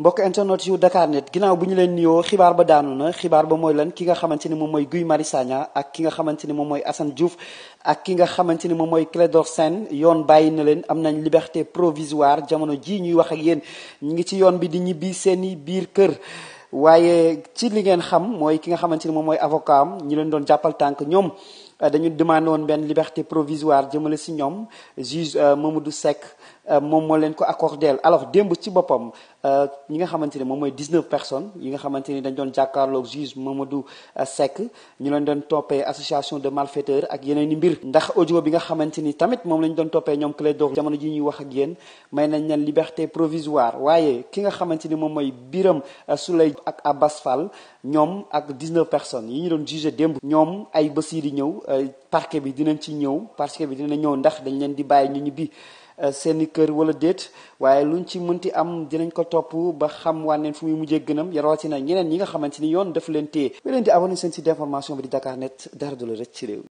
mbokk internet yu Dakar net ginnaaw bu ñu leen nuyoo xibaar ba daanu na xibaar ba mooy lan ki nga xamante ni moom mooy Guy Marius ak ki nga xamante ni moom mooy Assane Diouf ak ki nga xamante ni moom mooy Clédor Sène yoon bàyyi na leen am nañ liberté provisoire jamono ji ñuy wax ak yéen ñu ngi ci yoon bi di ñibbi seeni biir kër waaye ci li ngeen xam mooy ki nga xamante ni moom mooy avocat ñi leen doon jàppal tànk ñoom Euh, dañu demandé woon benn liberté provisoire jëmale si ñoom juge euh, Mamadou Seck euh, moom moo leen ko accordé alors démb ci boppam ñi nga xamante ni moom mooy 19 personnes yi nga xamante ni dañ doon jàkkaarloog juge Mamadou Seck ñu leen doon toppee association de malfaiteurs ak yeneen i mbir. ndax audio bi nga xamante ni tamit moom lañ doon toppee ñoom Clédor jamono ji ñuy wax ak yéen may nañ leen liberté provisoire waaye ki nga xamante ni moom mooy Biram sulay ak Abbas Fall ñoom ak 19 personnes yi ñu doon jugé démb. ñoom ay bés yi di ñëw. Euh, parquet bi dinañ ci ñëw parquet bi dina ñëw ndax dañ leen di bàyyi ñu ñibbi euh, seeni kër wala déet waaye lu luñ ci mënti am dinañ ko topp ba xam wànneen fu muy mujjee gënam yarawati na ñeneen ñi nga xamante ni yoon daf leen téye ba leen di abonné seen site d'information bi di Dakar Net dara du la rëcc ci réew